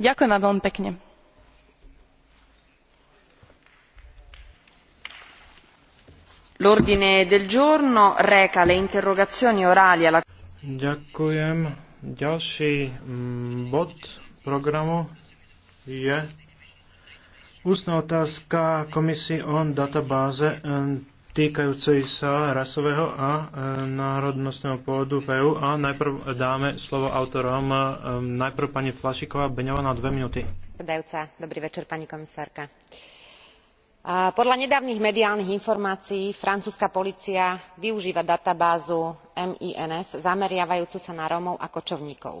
ďakujem vám veľmi pekne. Ďakujem. Ďalší mm, bod programu je ústna otázka komisii o databáze mm, týkajúcej sa rasového a e, národnostného pôvodu v EU. A najprv dáme slovo autorom. E, najprv pani Flašiková Beňová na dve minúty. Predajúca, dobrý večer, pani komisárka. A podľa nedávnych mediálnych informácií francúzska polícia využíva databázu MINS zameriavajúcu sa na Rómov a kočovníkov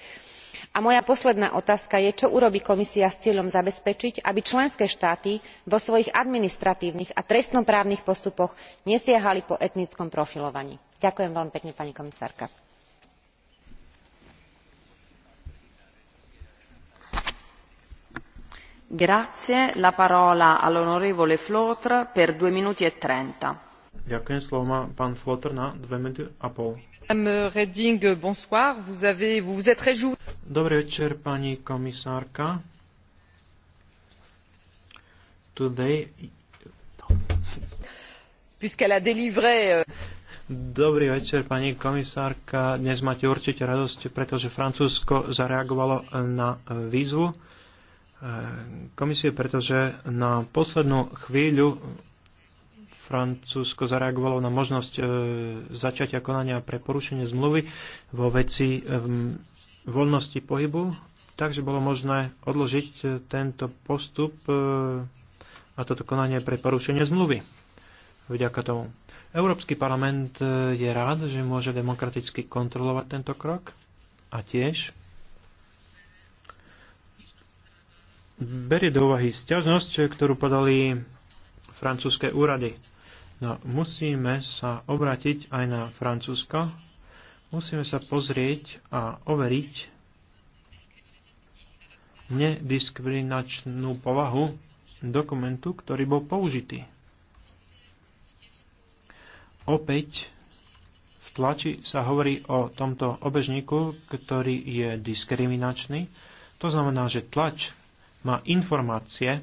a moja posledná otázka je čo urobí komisia s cieľom zabezpečiť aby členské štáty vo svojich administratívnych a trestno právnych postupoch nesiahali po etnickom profilovaní. ďakujem veľmi pekne pani komisárka. Ďakujem, slovo má pán Flotter na dve minúty a pol. Madame Redding, bonsoir. Vous avez, vous vous êtes réjou... Dobrý večer, pani komisárka. Today... Puisqu'elle a délivré... Euh- Dobrý večer, pani komisárka. Dnes máte určite radosť, pretože Francúzsko zareagovalo na e, výzvu e, komisie, pretože na poslednú chvíľu Francúzsko zareagovalo na možnosť e, začatia konania pre porušenie zmluvy vo veci voľnosti pohybu, takže bolo možné odložiť e, tento postup e, a toto konanie pre porušenie zmluvy. Vďaka tomu. Európsky parlament je rád, že môže demokraticky kontrolovať tento krok a tiež berie do úvahy stiažnosť, ktorú podali francúzske úrady. No, musíme sa obrátiť aj na Francúzsko. Musíme sa pozrieť a overiť nediskriminačnú povahu dokumentu, ktorý bol použitý. Opäť v tlači sa hovorí o tomto obežníku, ktorý je diskriminačný. To znamená, že tlač má informácie,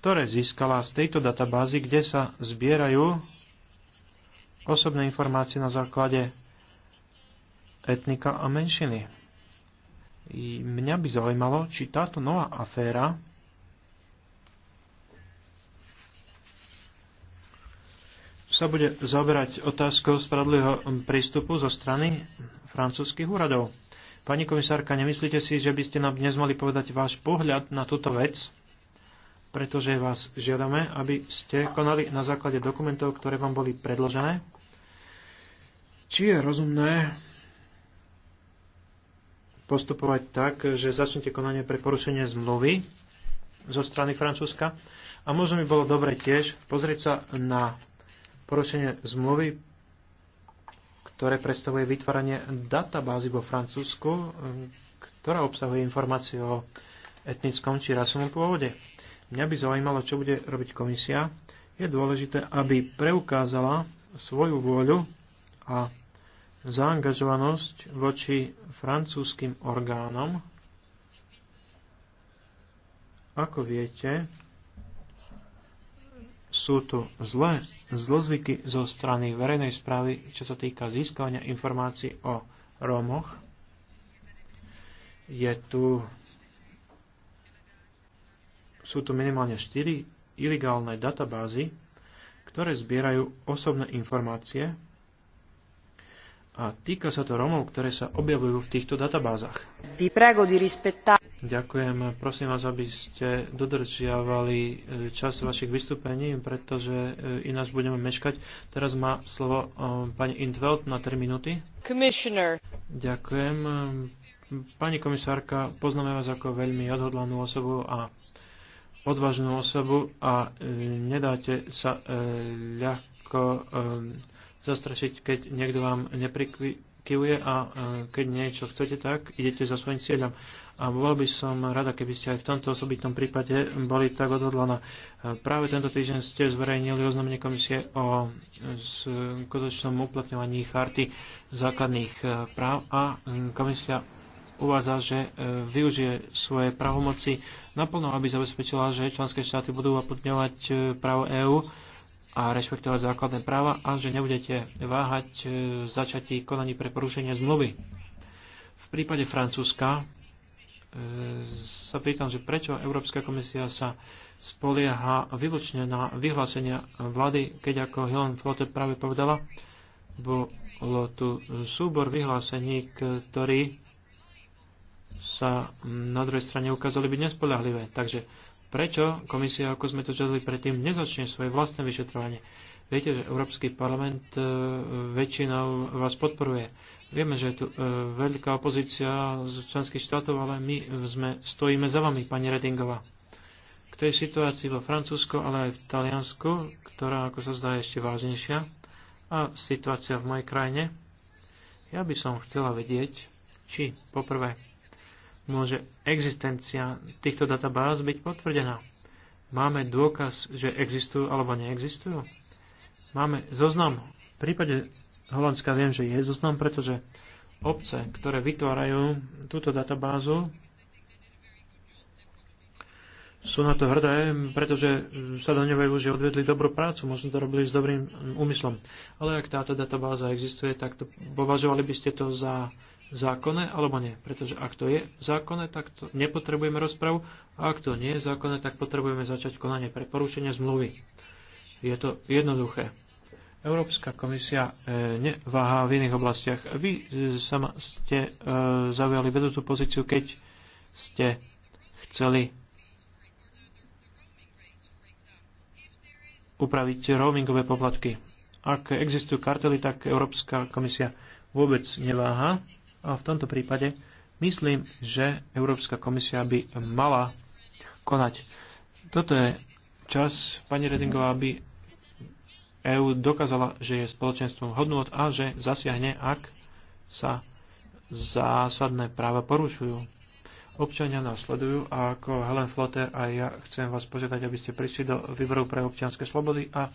ktoré získala z tejto databázy, kde sa zbierajú osobné informácie na základe etnika a menšiny. I mňa by zaujímalo, či táto nová aféra sa bude zaberať otázkou spravodlivého prístupu zo strany francúzskych úradov. Pani komisárka, nemyslíte si, že by ste nám dnes mali povedať váš pohľad na túto vec? pretože vás žiadame, aby ste konali na základe dokumentov, ktoré vám boli predložené. Či je rozumné postupovať tak, že začnete konanie pre porušenie zmluvy zo strany Francúzska? A možno by bolo dobre tiež pozrieť sa na porušenie zmluvy, ktoré predstavuje vytváranie databázy vo Francúzsku, ktorá obsahuje informácie o etnickom či rasovom pôvode. Mňa by zaujímalo, čo bude robiť komisia. Je dôležité, aby preukázala svoju vôľu a zaangažovanosť voči francúzským orgánom. Ako viete, sú tu zlé zlozvyky zo strany verejnej správy, čo sa týka získavania informácií o Rómoch. Je tu sú tu minimálne 4 ilegálne databázy, ktoré zbierajú osobné informácie a týka sa to Romov, ktoré sa objavujú v týchto databázach. Ďakujem, prosím vás, aby ste dodržiavali eh, čas vašich vystúpení, pretože eh, ináč budeme meškať. Teraz má slovo eh, pani Intveld na 3 minúty. Ďakujem. Pani komisárka, poznáme vás ako veľmi odhodlanú osobu a odvážnu osobu a e, nedáte sa e, ľahko e, zastrašiť, keď niekto vám neprikyvuje a keď niečo chcete, tak idete za svojim cieľom. A bol by som rada, keby ste aj v tomto osobitnom prípade boli tak odhodlaná. Práve tento týždeň ste zverejnili oznámenie komisie o skutočnom uplatňovaní charty základných práv a komisia uvádza, že e, využije svoje pravomoci naplno, aby zabezpečila, že členské štáty budú uplatňovať e, právo EÚ a rešpektovať základné práva a že nebudete váhať e, začatí konaní pre porušenie zmluvy. V prípade Francúzska sa pýtam, že prečo Európska komisia sa spolieha výlučne na vyhlásenia vlády, keď ako Helen Flotte práve povedala, bolo tu súbor vyhlásení, ktorý sa na druhej strane ukázali byť nespoľahlivé. Takže prečo komisia, ako sme to žiadali predtým, nezačne svoje vlastné vyšetrovanie? Viete, že Európsky parlament e, väčšinou vás podporuje. Vieme, že je tu e, veľká opozícia z členských štátov, ale my sme, stojíme za vami, pani Redingová. K tej situácii vo Francúzsku, ale aj v Taliansku, ktorá, ako sa zdá, je ešte vážnejšia, a situácia v mojej krajine, ja by som chcela vedieť, či poprvé môže existencia týchto databáz byť potvrdená? Máme dôkaz, že existujú alebo neexistujú? Máme zoznam. V prípade Holandska viem, že je zoznam, pretože obce, ktoré vytvárajú túto databázu, sú na to hrdé, pretože sa do nevajú, že odvedli dobrú prácu, možno to robili s dobrým úmyslom. Ale ak táto databáza existuje, tak to, považovali by ste to za zákonné alebo nie. Pretože ak to je zákonné, tak to nepotrebujeme rozpravu a ak to nie je zákonné, tak potrebujeme začať konanie pre porušenie zmluvy. Je to jednoduché. Európska komisia e, neváha v iných oblastiach. Vy e, sama ste e, zaujali vedúcu pozíciu, keď ste chceli upraviť roamingové poplatky. Ak existujú kartely, tak Európska komisia vôbec neváha. A v tomto prípade myslím, že Európska komisia by mala konať. Toto je čas, pani Redingová, aby EÚ dokázala, že je spoločenstvom hodnot a že zasiahne, ak sa zásadné práva porušujú občania nás sledujú a ako Helen Flotter a ja chcem vás požiadať, aby ste prišli do výboru pre občianske slobody a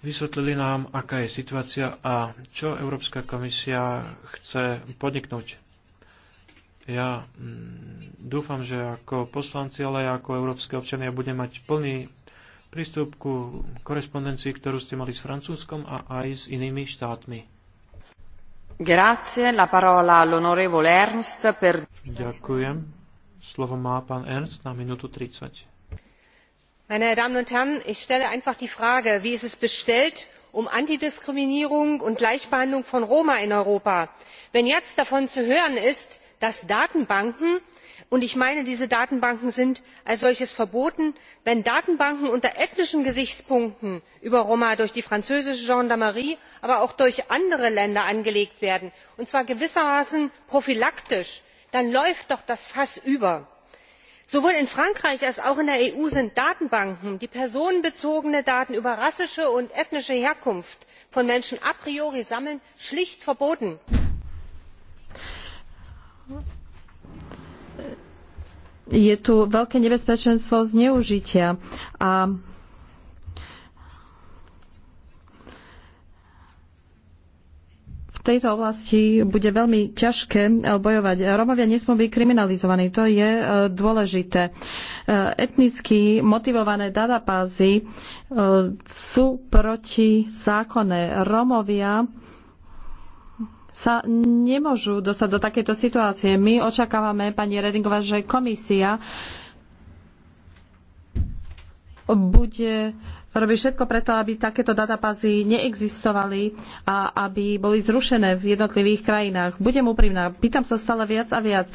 vysvetlili nám, aká je situácia a čo Európska komisia chce podniknúť. Ja mm, dúfam, že ako poslanci, ale aj ako európske občania budem mať plný prístup ku korespondencii, ktorú ste mali s Francúzskom a aj s inými štátmi. Ďakujem. Slovo má pán Ernst na minútu 30. Meine Damen und Herren, ich stelle einfach die Frage, wie ist es bestellt um antidiskriminierung und gleichbehandlung von roma in europa wenn jetzt davon zu hören ist dass datenbanken und ich meine diese datenbanken sind als solche verboten wenn datenbanken unter ethnischen gesichtspunkten über roma durch die französische gendarmerie aber auch durch andere länder angelegt werden und zwar gewissermaßen prophylaktisch dann läuft doch das fass über. sowohl in frankreich als auch in der eu sind datenbanken die personenbezogene daten über rassische und ethnische herkunft von menschen a priori sammeln schlicht verboten. je tu veľké nebezpečenstvo zneužitia a V tejto oblasti bude veľmi ťažké eh, bojovať. Romovia nesmú byť kriminalizovaní, to je eh, dôležité. Eh, etnicky motivované databázy sú proti zákone. Romovia sa nemôžu dostať do takejto situácie. My očakávame, pani Redingová, že komisia bude robí všetko preto, aby takéto databázy neexistovali a aby boli zrušené v jednotlivých krajinách. Budem úprimná, pýtam sa stále viac a viac, e,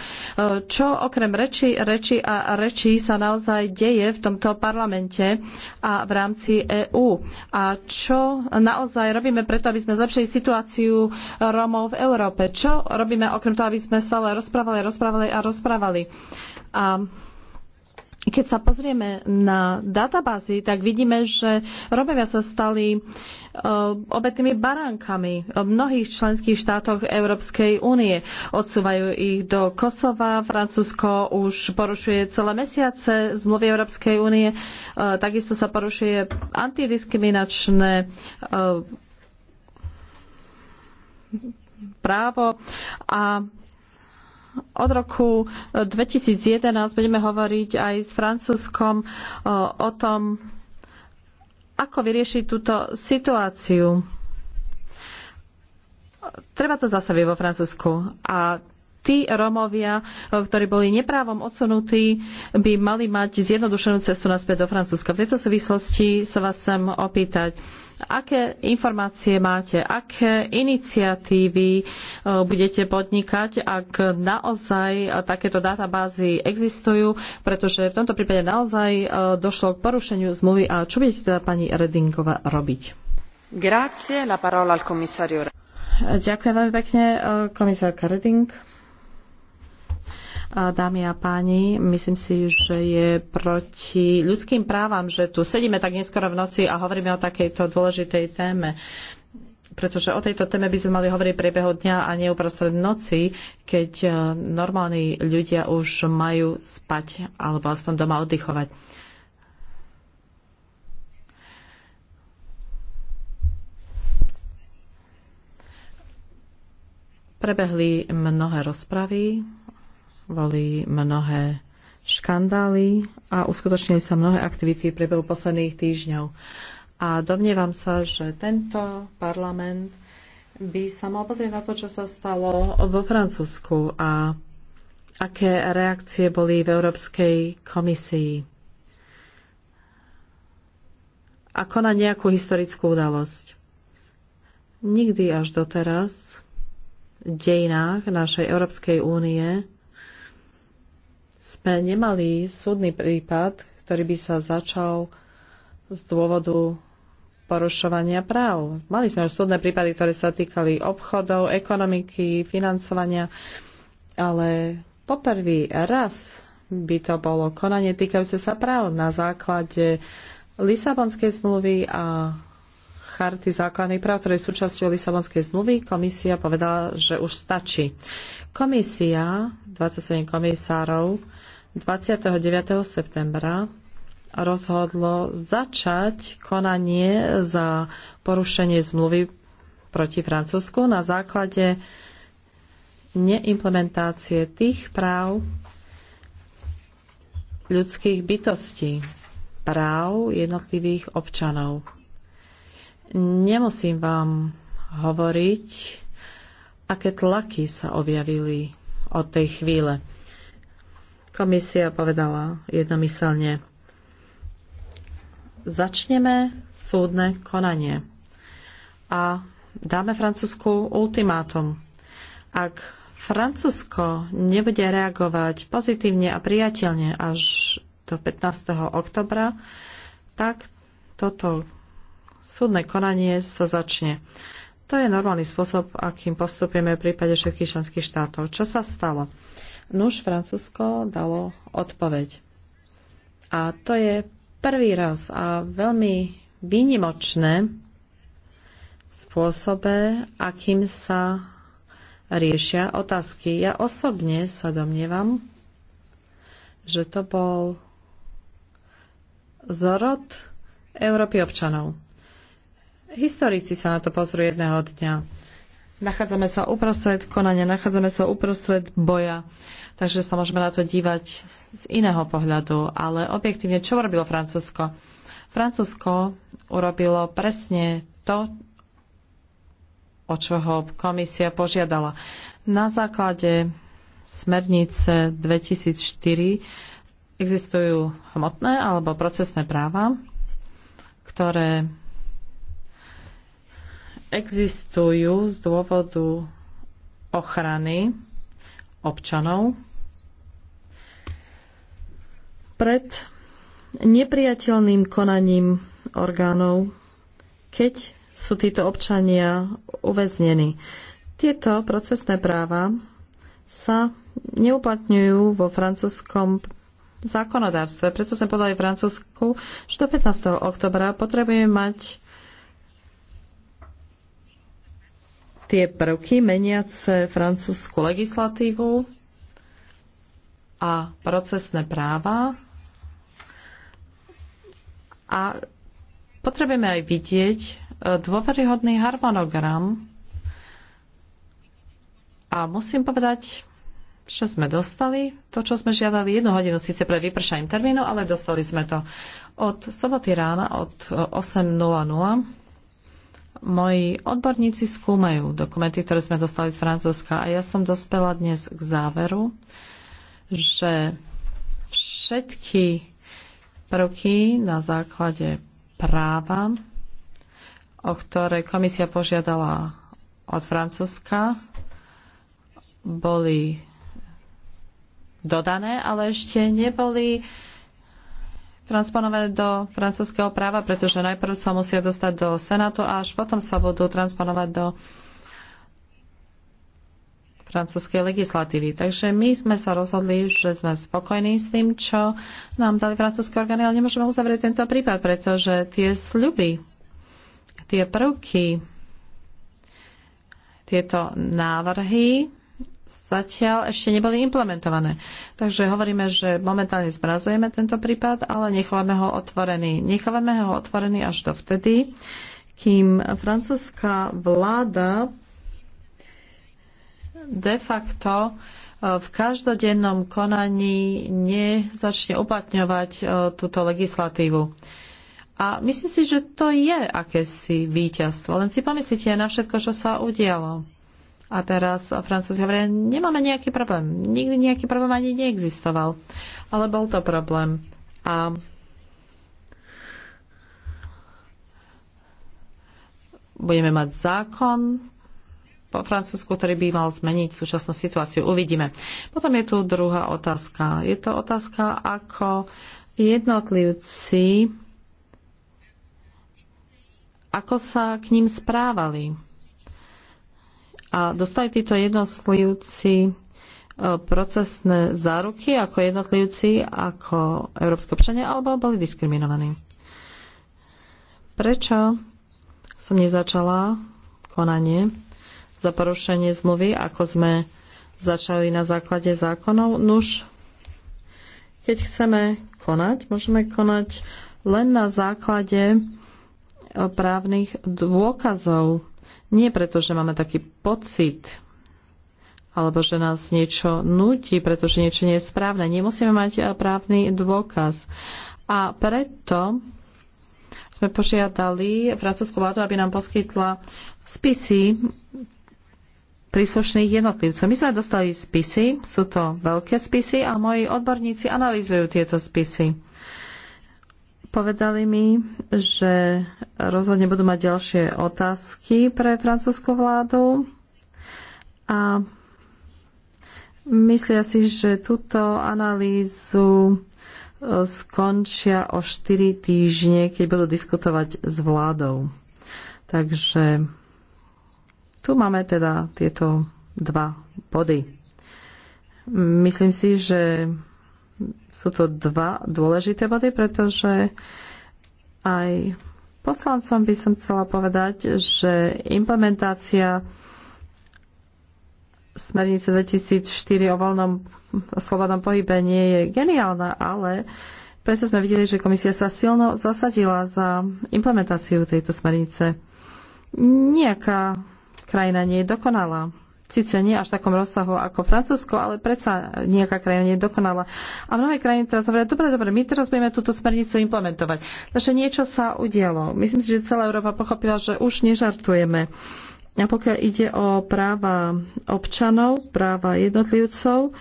čo okrem reči, reči a reči sa naozaj deje v tomto parlamente a v rámci EÚ. A čo naozaj robíme preto, aby sme zlepšili situáciu Rómov v Európe? Čo robíme okrem toho, aby sme stále rozprávali, rozprávali a rozprávali? A keď sa pozrieme na databázy, tak vidíme, že Romovia sa stali e, obetnými baránkami v mnohých členských štátoch Európskej únie. Odsúvajú ich do Kosova, Francúzsko už porušuje celé mesiace zmluvy Európskej únie, e, takisto sa porušuje antidiskriminačné e, právo a od roku 2011 e, budeme hovoriť aj s Francúzskom e, o tom, ako vyriešiť túto situáciu. Treba to zase vo Francúzsku. A tí Romovia, e, ktorí boli neprávom odsunutí, by mali mať zjednodušenú cestu naspäť do Francúzska. V tejto súvislosti sa vás chcem opýtať Aké informácie máte? Aké iniciatívy e, budete podnikať, ak naozaj e, takéto databázy existujú? Pretože v tomto prípade naozaj e, došlo k porušeniu zmluvy. A čo budete teda pani Redingova robiť? Grazie, la parola al commissario. Ďakujem veľmi pekne, komisárka Reding dámy a páni. Myslím si, že je proti ľudským právam, že tu sedíme tak neskoro v noci a hovoríme o takejto dôležitej téme. Pretože o tejto téme by sme mali hovoriť priebehu dňa a nie uprostred noci, keď e, normálni ľudia už majú spať alebo aspoň doma oddychovať. Prebehli mnohé rozpravy boli mnohé škandály a uskutočnili sa mnohé aktivity v priebehu posledných týždňov. A domnievam sa, že tento parlament by sa mal pozrieť na to, čo sa stalo vo Francúzsku a aké reakcie boli v Európskej komisii. Ako na nejakú historickú udalosť. Nikdy až doteraz v dejinách našej Európskej únie sme nemali súdny prípad, ktorý by sa začal z dôvodu porušovania práv. Mali sme už súdne prípady, ktoré sa týkali obchodov, ekonomiky, financovania, ale poprvý raz by to bolo konanie týkajúce sa práv na základe Lisabonskej zmluvy a charty základných práv, ktoré sú súčasťou Lisabonskej zmluvy. Komisia povedala, že už stačí. Komisia, 27 komisárov, 29. septembra rozhodlo začať konanie za porušenie zmluvy proti Francúzsku na základe neimplementácie tých práv ľudských bytostí, práv jednotlivých občanov. Nemusím vám hovoriť, aké tlaky sa objavili od tej chvíle. Komisia povedala jednomyselne, začneme súdne konanie a dáme Francúzsku ultimátum. Ak Francúzsko nebude reagovať pozitívne a priateľne až do 15. oktobra, tak toto súdne konanie sa začne. To je normálny spôsob, akým postupujeme v prípade všetkých členských štátov. Čo sa stalo? Nuž Francúzsko dalo odpoveď. A to je prvý raz a veľmi výnimočné spôsobe, akým sa riešia otázky. Ja osobne sa domnievam, že to bol zorod Európy občanov. Historici sa na to pozrú jedného dňa Nachádzame sa uprostred konania, nachádzame sa uprostred boja, takže sa môžeme na to dívať z iného pohľadu. Ale objektívne, čo urobilo Francúzsko? Francúzsko urobilo presne to, o čo ho komisia požiadala. Na základe smernice 2004 existujú hmotné alebo procesné práva, ktoré existujú z dôvodu ochrany občanov pred nepriateľným konaním orgánov, keď sú títo občania uväznení. Tieto procesné práva sa neuplatňujú vo francúzskom zákonodárstve. Preto sme v Francúzsku, že do 15. oktobra potrebujeme mať tie prvky meniace francúzsku legislatívu a procesné práva. A potrebujeme aj vidieť e, dôveryhodný harmonogram. A musím povedať, že sme dostali to, čo sme žiadali jednu hodinu, síce pred vypršaním termínu, ale dostali sme to od soboty rána od 8.00 e, Moji odborníci skúmajú dokumenty, ktoré sme dostali z Francúzska a ja som dospela dnes k záveru, že všetky prvky na základe práva, o ktoré komisia požiadala od Francúzska, boli dodané, ale ešte neboli transponované do francúzského práva, pretože najprv sa musia dostať do Senátu a až potom sa budú transponovať do francúzskej legislatívy. Takže my sme sa rozhodli, že sme spokojní s tým, čo nám dali francúzske orgány, ale nemôžeme uzavrieť tento prípad, pretože tie sľuby, tie prvky, tieto návrhy zatiaľ ešte neboli implementované. Takže hovoríme, že momentálne zmrazujeme tento prípad, ale nechávame ho otvorený. Nechávame ho otvorený až do vtedy, kým francúzska vláda de facto e, v každodennom konaní nezačne uplatňovať e, túto legislatívu. A myslím si, že to je akési víťazstvo. Len si pomyslíte na všetko, čo sa udialo a teraz Francúzi hovoria, nemáme nejaký problém. Nikdy nejaký problém ani neexistoval. Ale bol to problém. A budeme mať zákon po Francúzsku, ktorý by mal zmeniť súčasnú situáciu. Uvidíme. Potom je tu druhá otázka. Je to otázka, ako jednotlivci ako sa k ním správali. A dostali títo jednotlivci e, procesné záruky ako jednotlivci, ako európske občania, alebo boli diskriminovaní. Prečo som nezačala konanie za porušenie zmluvy, ako sme začali na základe zákonov? Nuž, keď chceme konať, môžeme konať len na základe e, právnych dôkazov nie preto, že máme taký pocit, alebo že nás niečo nutí, pretože niečo nie je správne. Nemusíme mať eh, právny dôkaz. A preto sme požiadali francúzsku vládu, aby nám poskytla spisy príslušných jednotlivcov. My sme dostali spisy, sú to veľké spisy a moji odborníci analýzujú tieto spisy odpovedali mi, že rozhodne budú mať ďalšie otázky pre francúzsku vládu a myslia si, že túto analýzu e, skončia o 4 týždne, keď budú diskutovať s vládou. Takže tu máme teda tieto dva body. Myslím si, že sú to dva dôležité body, pretože aj poslancom by som chcela povedať, že implementácia smernice 2004 o voľnom o slobodnom pohybe nie je geniálna, ale predsa sme videli, že komisia sa silno zasadila za implementáciu tejto smernice. Nejaká krajina nie je dokonalá síce nie až v takom rozsahu ako Francúzsko, ale predsa nejaká krajina nedokonala. A mnohé krajiny teraz hovoria, dobre, dobre, my teraz budeme túto smernicu implementovať. Takže niečo sa udialo. Myslím si, že celá Európa pochopila, že už nežartujeme. A pokiaľ ide o práva občanov, práva jednotlivcov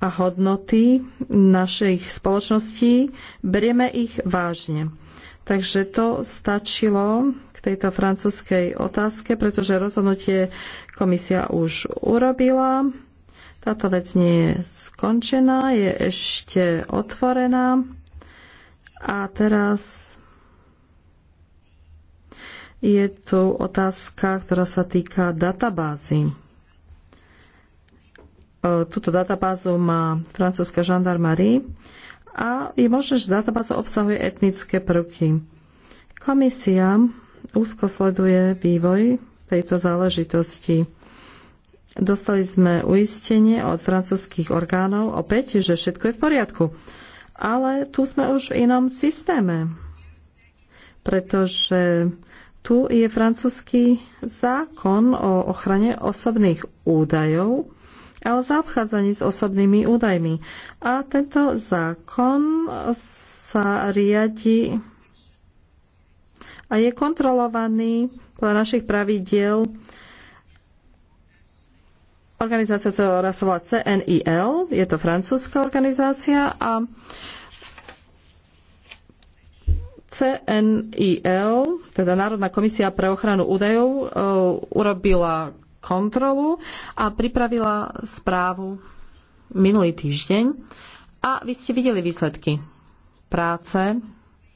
a hodnoty našich spoločností, berieme ich vážne. Takže to stačilo k tejto francúzskej otázke, pretože rozhodnutie komisia už urobila. Táto vec nie je skončená, je ešte otvorená. A teraz je tu otázka, ktorá sa týka databázy. E, Tuto databázu má francúzska žandarmarie a je možné, že databáza obsahuje etnické prvky. Komisia úzko sleduje vývoj tejto záležitosti. Dostali sme uistenie od francúzských orgánov opäť, že všetko je v poriadku. Ale tu sme už v inom systéme, pretože tu je francúzsky zákon o ochrane osobných údajov, a o zaobchádzaní s osobnými údajmi. A tento zákon sa riadi a je kontrolovaný podľa našich pravidiel organizácia, ktorá sa volá CNIL, je to francúzska organizácia a CNIL, teda Národná komisia pre ochranu údajov, e, urobila kontrolu a pripravila správu minulý týždeň a vy ste videli výsledky práce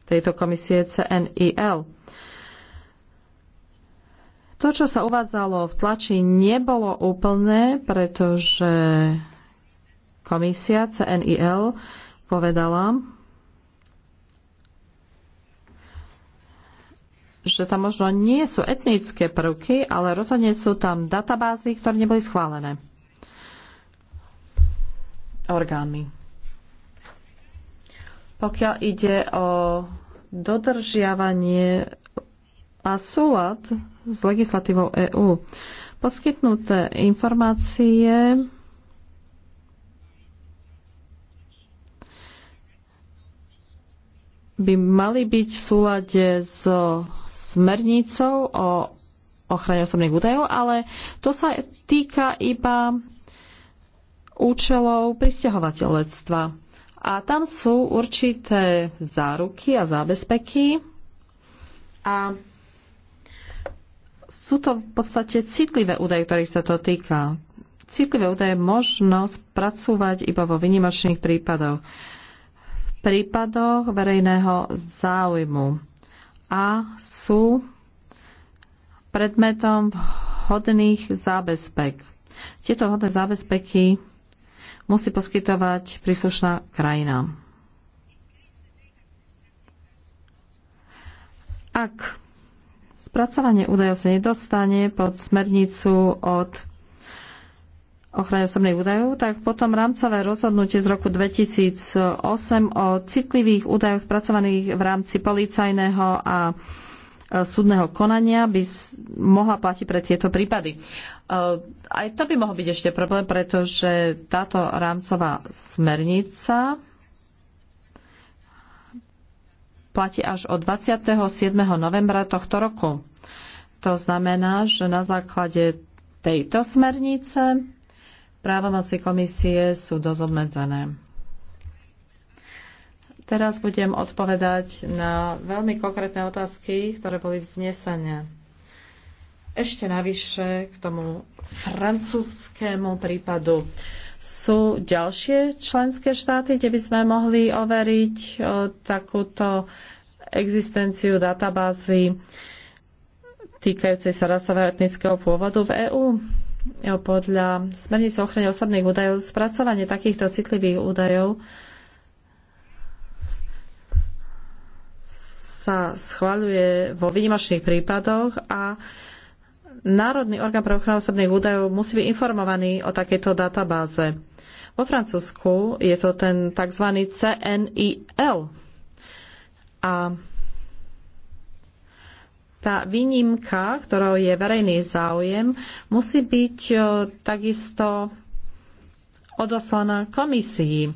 tejto komisie CNIL. To, čo sa uvádzalo v tlači, nebolo úplné, pretože komisia CNIL povedala, že tam možno nie sú etnické prvky, ale rozhodne sú tam databázy, ktoré neboli schválené orgánmi. Pokiaľ ide o dodržiavanie a súlad s legislatívou EÚ, poskytnuté informácie by mali byť v súlade so smernicou o ochrane osobných údajov, ale to sa týka iba účelov pristahovateľstva. A tam sú určité záruky a zábezpeky a sú to v podstate citlivé údaje, ktorých sa to týka. Citlivé údaje možno spracúvať iba vo vynimočných prípadoch. V prípadoch verejného záujmu a sú predmetom hodných zábezpek. Tieto hodné zábezpeky musí poskytovať príslušná krajina. Ak spracovanie údajov sa nedostane pod smernicu od ochrane osobných údajov, tak potom rámcové rozhodnutie z roku 2008 o citlivých údajoch spracovaných v rámci policajného a e, súdneho konania by mohla platiť pre tieto prípady. E, aj to by mohol byť ešte problém, pretože táto rámcová smernica platí až od 27. novembra tohto roku. To znamená, že na základe tejto smernice právomoci komisie sú dosť obmedzené. Teraz budem odpovedať na veľmi konkrétne otázky, ktoré boli vznesené. Ešte navyše k tomu francúzskému prípadu. Sú ďalšie členské štáty, kde by sme mohli overiť e, takúto existenciu databázy týkajúcej sa rasového etnického pôvodu v EÚ? podľa smernice ochrany osobných údajov spracovanie takýchto citlivých údajov sa schvaľuje vo výnimočných prípadoch a Národný orgán pre ochranu osobných údajov musí byť informovaný o takejto databáze. Vo Francúzsku je to ten tzv. CNIL. A tá výnimka, ktorou je verejný záujem, musí byť e, takisto odoslaná komisii.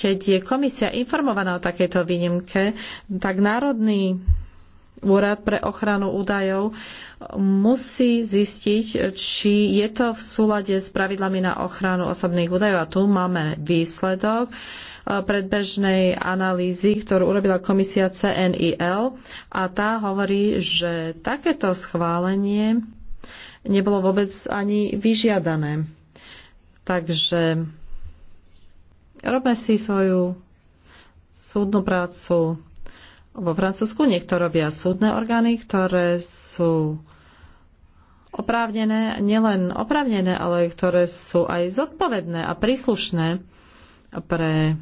Keď je komisia informovaná o takejto výnimke, tak Národný úrad pre ochranu údajov musí zistiť, či je to v súlade s pravidlami na ochranu osobných údajov. A tu máme výsledok predbežnej analýzy, ktorú urobila komisia CNIL a tá hovorí, že takéto schválenie nebolo vôbec ani vyžiadané. Takže robme si svoju súdnu prácu vo Francúzsku. Niekto robia súdne orgány, ktoré sú oprávnené, nielen oprávnené, ale ktoré sú aj zodpovedné a príslušné pre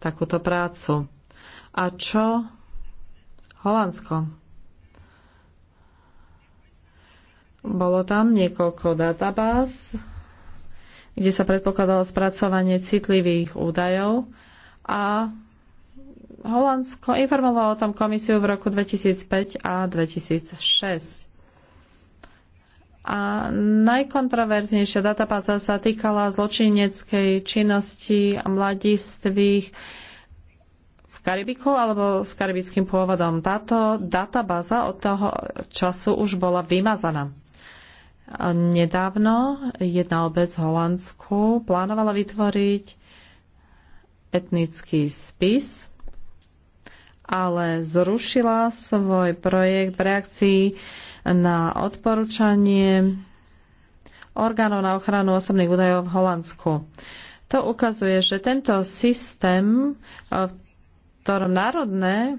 takúto prácu. A čo Holandsko? Bolo tam niekoľko databáz, kde sa predpokladalo spracovanie citlivých údajov a Holandsko informovalo o tom komisiu v roku 2005 a 2006. A najkontroverznejšia databáza sa týkala zločineckej činnosti a mladistvých v Karibiku alebo s karibickým pôvodom. Táto databáza od toho času už bola vymazaná. Nedávno jedna obec v Holandsku plánovala vytvoriť etnický spis, ale zrušila svoj projekt v reakcii na odporúčanie orgánov na ochranu osobných údajov v Holandsku. To ukazuje, že tento systém, v ktorom národné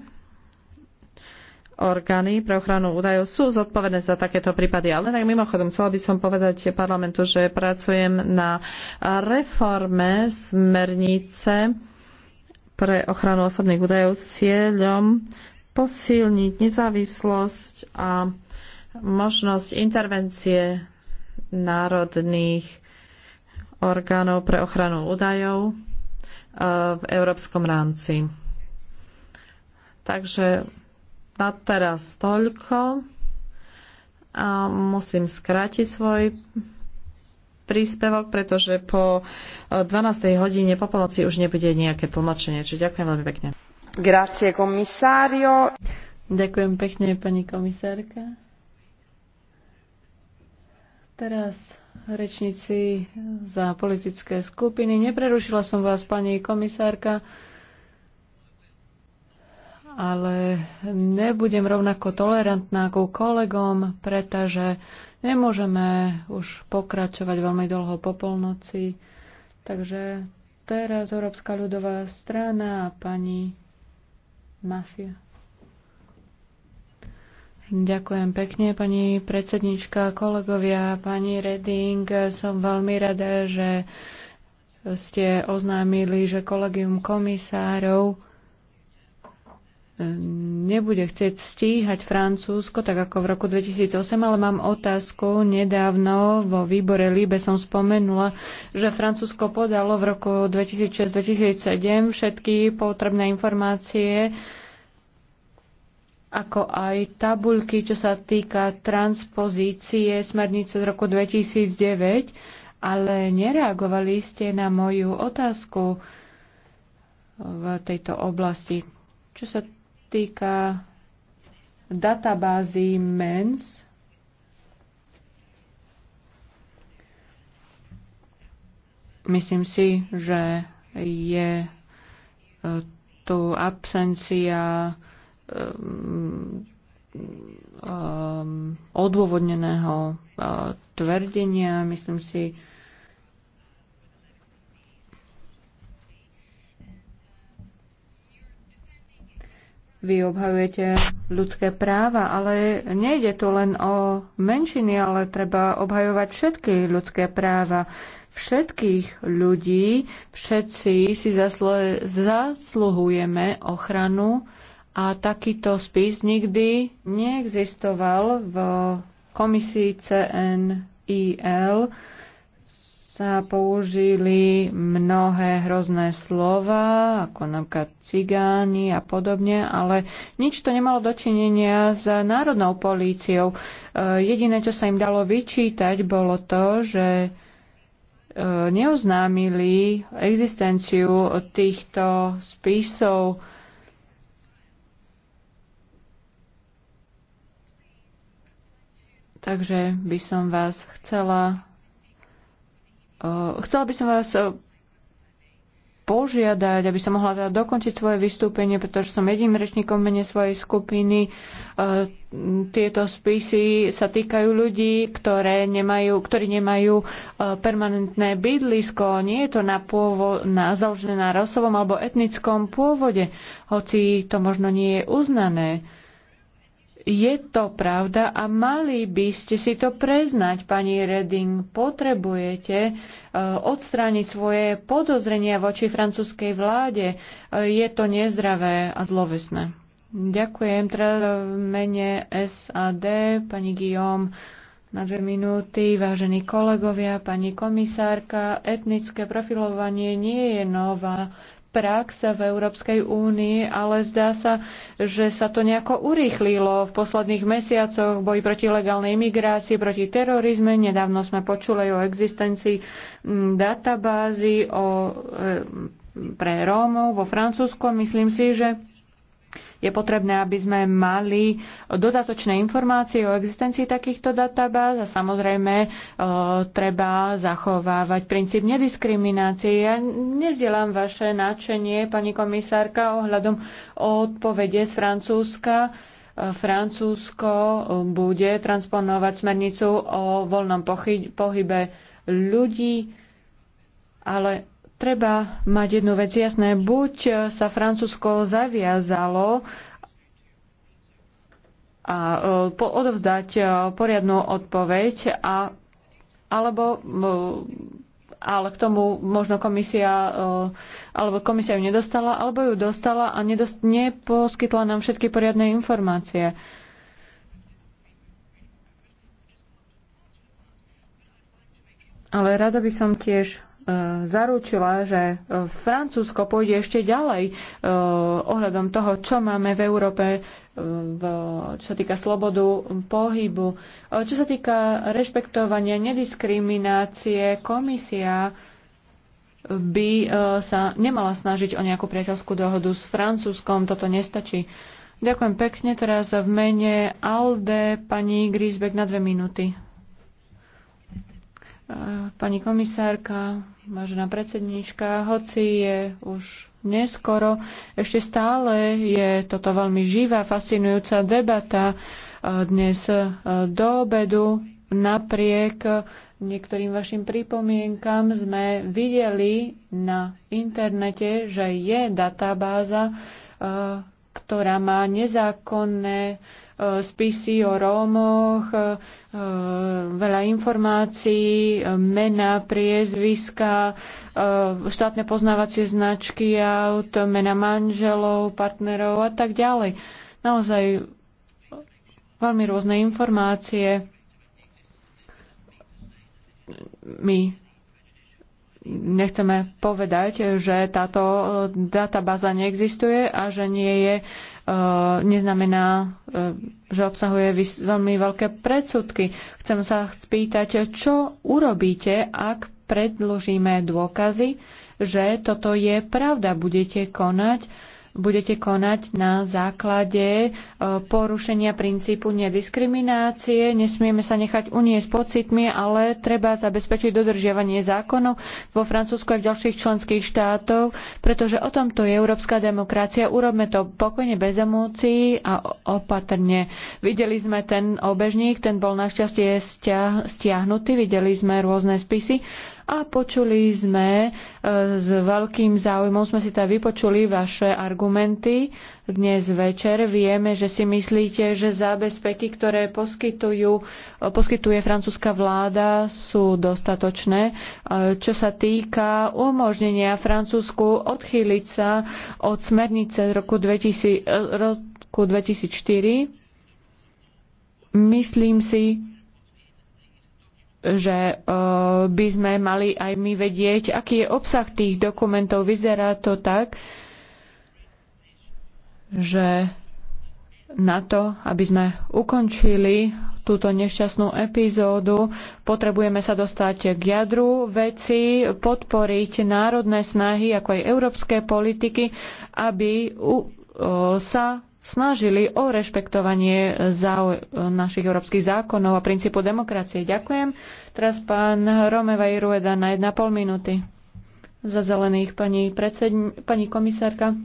orgány pre ochranu údajov sú zodpovedné za takéto prípady. Ale tak mimochodom, chcela by som povedať parlamentu, že pracujem na reforme smernice pre ochranu osobných údajov s cieľom posilniť nezávislosť a možnosť intervencie národných orgánov pre ochranu údajov e, v európskom rámci. Takže na teraz toľko a musím skrátiť svoj príspevok, pretože po 12. E, hodine po polnoci už nebude nejaké tlmočenie. Čiže ďakujem veľmi pekne. Grazie, komisario. Ďakujem pekne, pani komisárka. Teraz rečníci za politické skupiny. Neprerušila som vás, pani komisárka, ale nebudem rovnako tolerantná ako kolegom, pretože nemôžeme už pokračovať veľmi dlho po polnoci. Takže teraz Európska ľudová strana a pani Mafia. Ďakujem pekne, pani predsednička, kolegovia, pani Reding. Som veľmi rada, že ste oznámili, že kolegium komisárov eh, nebude chcieť stíhať Francúzsko, tak ako v roku 2008, ale mám otázku. Nedávno vo výbore Líbe som spomenula, že Francúzsko podalo v roku 2006-2007 všetky potrebné informácie ako aj tabulky, čo sa týka transpozície smernice z roku 2009, ale nereagovali ste na moju otázku v tejto oblasti. Čo sa týka databázy MENS, myslím si, že je tu absencia Ehm, ehm, odôvodneného e, tvrdenia. Myslím si, Vy obhajujete ľudské práva, ale nejde tu len o menšiny, ale treba obhajovať všetky ľudské práva všetkých ľudí. Všetci si zasluhujeme ochranu a takýto spis nikdy neexistoval v komisii CNIL. Sa použili mnohé hrozné slova, ako napríklad cigáni a podobne, ale nič to nemalo dočinenia s národnou políciou. E, jediné, čo sa im dalo vyčítať, bolo to, že e, neoznámili existenciu týchto spisov Takže by som vás chcela eh, chcela by som vás eh, požiadať, aby som mohla teda dokončiť svoje vystúpenie, pretože som jediným rečníkom mene svojej skupiny. Eh, tieto spisy sa týkajú ľudí, ktoré nemajú, ktorí nemajú permanentné bydlisko. Nie je to na, pôvo, na založené na rasovom alebo etnickom pôvode, hoci to možno nie je uznané. Je to pravda a mali by ste si to preznať, pani Reding. Potrebujete e, odstrániť svoje podozrenia voči francúzskej vláde. E, je to nezdravé a zlovesné. Ďakujem. Teraz v mene SAD, pani Guillaume, na dve minúty, vážení kolegovia, pani komisárka, etnické profilovanie nie je nová prax v Európskej únii, ale zdá sa, že sa to nejako urýchlilo v posledných mesiacoch boj proti legálnej migrácii, proti terorizme. Nedávno sme počuli o existencii mm, databázy o, e, pre Rómov vo Francúzsku. Myslím si, že je potrebné, aby sme mali dodatočné informácie o existencii takýchto databáz a samozrejme e, treba zachovávať princíp nediskriminácie. Ja nezdielam vaše náčenie, pani komisárka, ohľadom odpovede z Francúzska. E, Francúzsko e, bude transponovať smernicu o voľnom pohybe ľudí, ale Treba mať jednu vec jasné. Buď sa Francúzsko zaviazalo a e, po, odovzdať e, poriadnu odpoveď, a, alebo e, ale k tomu možno komisia alebo komisia ju nedostala, alebo ju dostala a nedost, neposkytla nám všetky poriadne informácie. Ale rada by som tiež E, zaručila, že e, Francúzsko pôjde ešte ďalej e, ohľadom toho, čo máme v Európe, čo sa týka slobodu pohybu. Čo sa týka rešpektovania nediskriminácie, komisia by sa nemala snažiť o nejakú priateľskú dohodu s Francúzskom. Toto nestačí. Ďakujem pekne. Teraz v mene ALDE pani Grisbeck na dve minúty. Pani komisárka, vážená predsedníčka, hoci je už neskoro, ešte stále je toto veľmi živá, fascinujúca debata dnes do obedu. Napriek niektorým vašim pripomienkam sme videli na internete, že je databáza, ktorá má nezákonné spisy o Rómoch, e, veľa informácií, mena, priezviska, e, štátne poznávacie značky aut, mena manželov, partnerov a tak ďalej. Naozaj veľmi rôzne informácie. My nechceme povedať, že táto databáza neexistuje a že nie je Eh, neznamená, eh, že obsahuje veľmi veľké predsudky. Chcem sa spýtať, čo urobíte, ak predložíme dôkazy, že toto je pravda. Budete konať budete konať na základe e, porušenia princípu nediskriminácie. Nesmieme sa nechať uniesť pocitmi, ale treba zabezpečiť dodržiavanie zákonov vo Francúzsku a v ďalších členských štátoch, pretože o tomto je európska demokracia. Urobme to pokojne, bez emócií a opatrne. Videli sme ten obežník, ten bol našťastie stiahnutý, videli sme rôzne spisy a počuli sme e, s veľkým záujmom, sme si tam teda vypočuli vaše argumenty dnes večer. Vieme, že si myslíte, že zábezpeky, ktoré poskytujú, e, poskytuje francúzska vláda, sú dostatočné. E, čo sa týka umožnenia Francúzsku odchýliť sa od smernice z roku 2000, roku 2004, myslím si, že e, by sme mali aj my vedieť, aký je obsah tých dokumentov. Vyzerá to tak, že na to, aby sme ukončili túto nešťastnú epizódu, potrebujeme sa dostať k jadru veci, podporiť národné snahy, ako aj európske politiky, aby e, sa snažili o rešpektovanie našich európskych zákonov a princípu demokracie. Ďakujem. Teraz pán Romeva Irueda na 1,5 minúty. Za zelených pani, predsedň, pani komisárka e,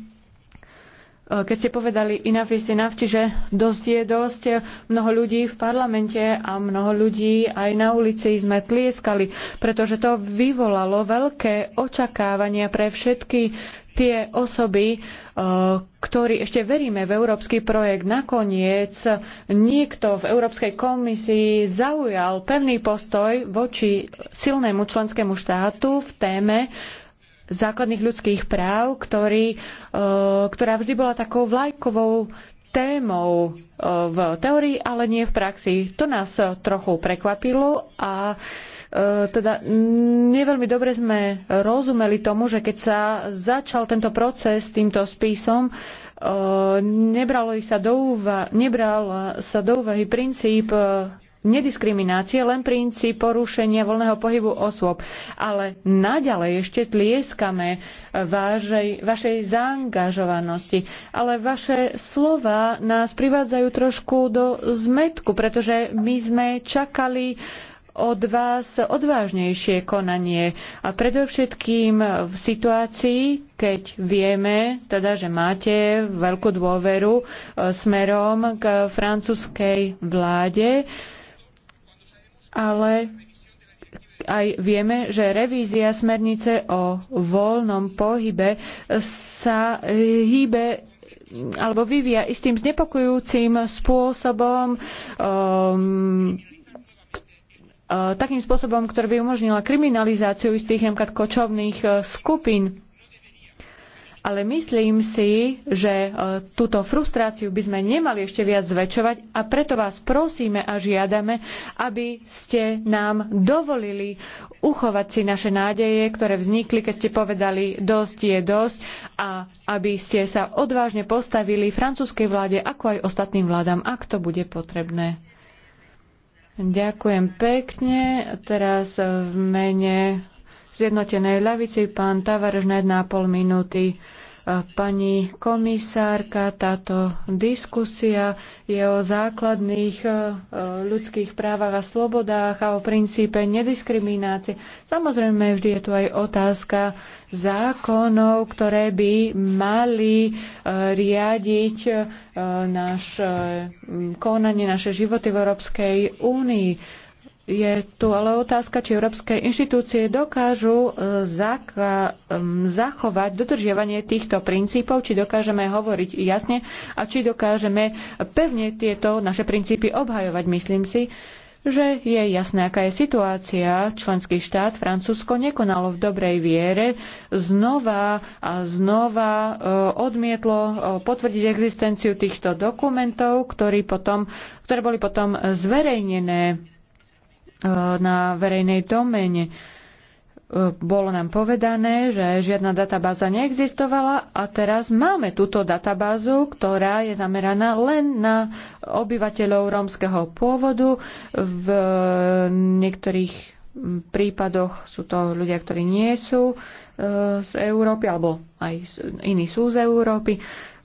keď ste povedali enough is enough, čiže dosť je dosť, mnoho ľudí v parlamente a mnoho ľudí aj na ulici sme tlieskali, pretože to vyvolalo veľké očakávania pre všetky tie osoby, e, ktorí ešte veríme v európsky projekt, nakoniec niekto v Európskej komisii zaujal pevný postoj voči silnému členskému štátu v téme základných ľudských práv, ktorý, e, ktorá vždy bola takou vlajkovou témou e, v teórii, ale nie v praxi. To nás trochu prekvapilo a E, teda neveľmi dobre sme rozumeli tomu, že keď sa začal tento proces týmto spisom, e, nebralo sa do úva- nebral sa do úvahy princíp e, nediskriminácie, len princíp porušenia voľného pohybu osôb. Ale naďalej ešte tlieskame vašej, vašej zaangažovanosti. Ale vaše slova nás privádzajú trošku do zmetku, pretože my sme čakali uh, od vás odvážnejšie konanie a predovšetkým v situácii, keď vieme, teda, že máte veľkú dôveru e, smerom k francúzskej vláde, ale aj vieme, že revízia smernice o voľnom pohybe sa e, hýbe alebo vyvíja istým znepokojujúcim spôsobom. Um, E, takým spôsobom, ktorý by umožnila kriminalizáciu istých napríklad kočovných e, skupín. Ale myslím si, že e, túto frustráciu by sme nemali ešte viac zväčšovať a preto vás prosíme a žiadame, aby ste nám dovolili uchovať si naše nádeje, ktoré vznikli, keď ste povedali dosť je dosť a aby ste sa odvážne postavili francúzskej vláde ako aj ostatným vládam, ak to bude potrebné. Ďakujem pekne. Teraz v mene zjednotenej ľavici pán Tavares na 1,5 minúty. Pani komisárka, táto diskusia je o základných e, ľudských právach a slobodách a o princípe nediskriminácie. Samozrejme, vždy je tu aj otázka zákonov, ktoré by mali e, riadiť e, naše konanie, naše životy v Európskej únii je tu ale otázka, či európske inštitúcie dokážu e, zachovať dodržiavanie týchto princípov, či dokážeme hovoriť jasne a či dokážeme pevne tieto naše princípy obhajovať. Myslím si, že je jasné, aká je situácia. Členský štát Francúzsko nekonalo v dobrej viere, znova a znova e, odmietlo e, potvrdiť existenciu týchto dokumentov, ktoré, potom, ktoré boli potom zverejnené na verejnej domene. E, bolo nám povedané, že žiadna databáza neexistovala a teraz máme túto databázu, ktorá je zameraná len na obyvateľov rómskeho pôvodu. V niektorých prípadoch sú to ľudia, ktorí nie sú e, z Európy, alebo aj iní sú z Európy.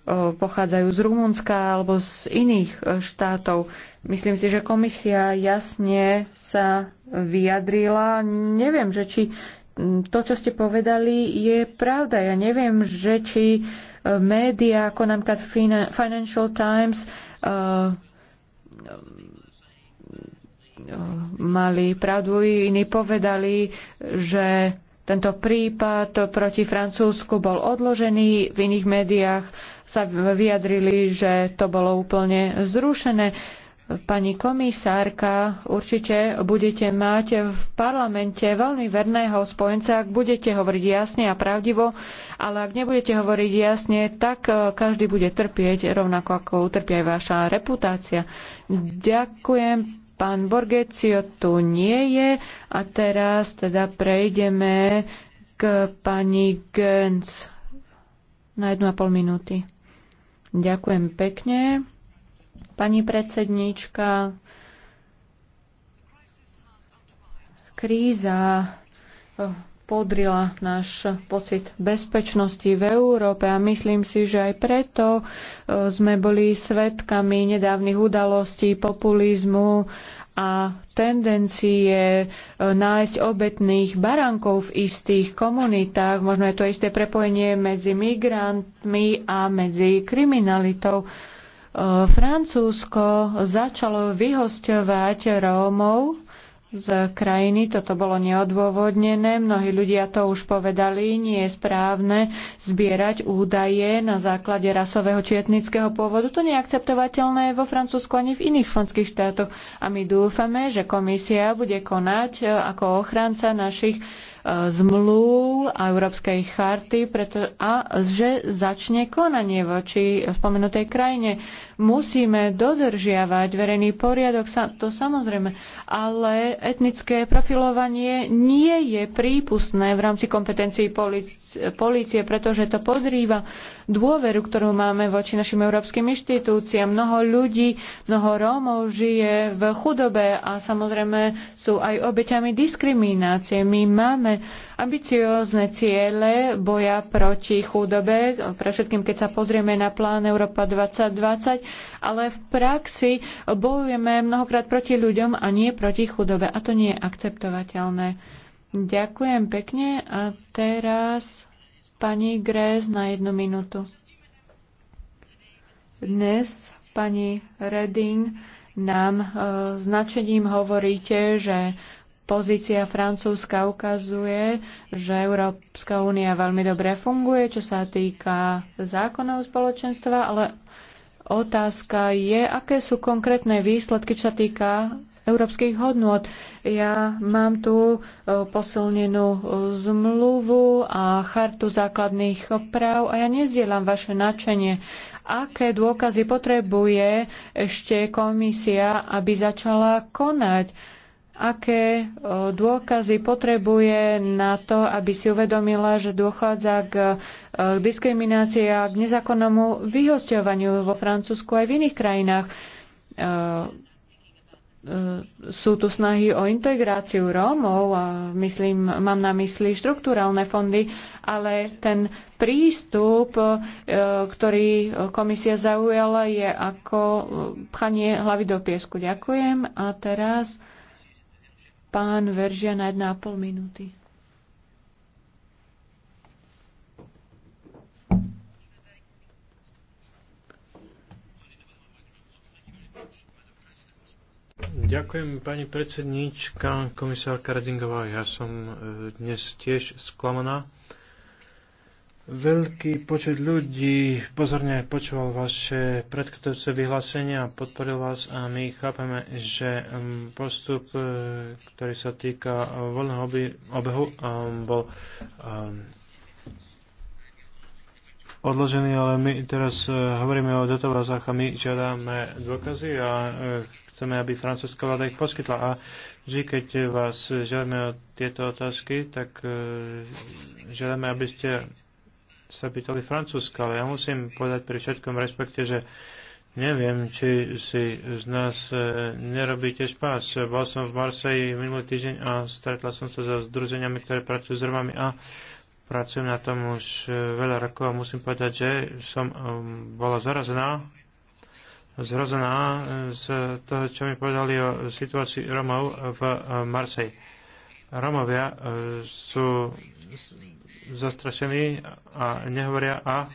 E, pochádzajú z Rumunska alebo z iných e, štátov. Myslím si, že komisia jasne sa vyjadrila. Neviem, že či to, čo ste povedali, je pravda. Ja neviem, že či e, médiá, ako napríklad Financial Times, mali pravdu, iní povedali, že tento prípad proti Francúzsku bol odložený, v iných médiách sa vyjadrili, že to bolo úplne zrušené. Pani komisárka, určite budete mať v parlamente veľmi verného spojenca, ak budete hovoriť jasne a pravdivo, ale ak nebudete hovoriť jasne, tak eh, každý bude trpieť, rovnako ako utrpie aj vaša reputácia. Ďakujem Pán Borgecio tu nie je a teraz teda prejdeme k pani Gens na 1,5 minúty. Ďakujem pekne. Pani predsednička, kríza oh, podrila náš pocit bezpečnosti v Európe a myslím si, že aj preto e, sme boli svetkami nedávnych udalostí, populizmu a tendencie e, nájsť obetných barankov v istých komunitách. Možno je to isté prepojenie medzi migrantmi a medzi kriminalitou. E, Francúzsko začalo vyhosťovať Rómov z krajiny. Toto bolo neodôvodnené. Mnohí ľudia to už povedali. Nie je správne zbierať údaje na základe rasového či etnického pôvodu. To nie je akceptovateľné vo Francúzsku ani v iných členských štátoch. A my dúfame, že komisia bude konať e, ako ochranca našich e, zmluv a Európskej charty preto, a že začne konanie voči spomenutej krajine. Musíme dodržiavať verejný poriadok, to samozrejme, ale etnické profilovanie nie je prípustné v rámci kompetencií polície, pretože to podrýva dôveru, ktorú máme voči našim európskym inštitúciám. Mnoho ľudí, mnoho Rómov žije v chudobe a samozrejme sú aj obeťami diskriminácie. My máme ambiciózne ciele boja proti chudobe, pre všetkým, keď sa pozrieme na plán Európa 2020, ale v praxi bojujeme mnohokrát proti ľuďom a nie proti chudobe a to nie je akceptovateľné. Ďakujem pekne a teraz pani Grés na jednu minútu. Dnes pani Reding nám e, značením hovoríte, že pozícia Francúzska ukazuje, že Európska únia veľmi dobre funguje, čo sa týka zákonov spoločenstva, ale Otázka je, aké sú konkrétne výsledky, čo sa týka európskych hodnôt. Ja mám tu e, posilnenú e, zmluvu a chartu základných práv a ja nezdielam vaše nadšenie. Aké dôkazy potrebuje ešte komisia, aby začala konať? aké dôkazy potrebuje na to, aby si uvedomila, že dochádza e, k diskriminácii a k nezákonnému vyhosťovaniu vo Francúzsku aj v iných krajinách. E, e, sú tu snahy o integráciu Rómov, a myslím, mám na mysli štruktúralné fondy, ale ten prístup, ktorý komisia zaujala, je ako pchanie hlavy do piesku. Ďakujem. A teraz Pán Veržia na 1,5 minúty. Ďakujem pani predsednička, komisárka Redingová. Ja som eh, dnes tiež sklamaná Veľký počet ľudí pozorne počúval vaše predkotovce vyhlásenia a podporil vás a my chápeme, že um, postup, e, ktorý sa týka e, voľného obehu, um, bol um, odložený, ale my teraz e, hovoríme o databázach a my žiadame dôkazy a chceme, aby francúzska vláda ich poskytla. A vždy, keď vás žiadame o tieto otázky, tak žiadame, aby ste sa pýtali Francúzska, ale ja musím povedať pri všetkom respekte, že neviem, či si z nás e, nerobíte špás. Bol som v Marseji minulý týždeň a stretla som sa so združeniami, ktoré pracujú s Romami a pracujem na tom už e, veľa rokov a musím povedať, že som e, bola zarazená zrozená z toho, čo mi povedali o situácii Romov v Marseji. Romovia sú zastrašení a nehovoria a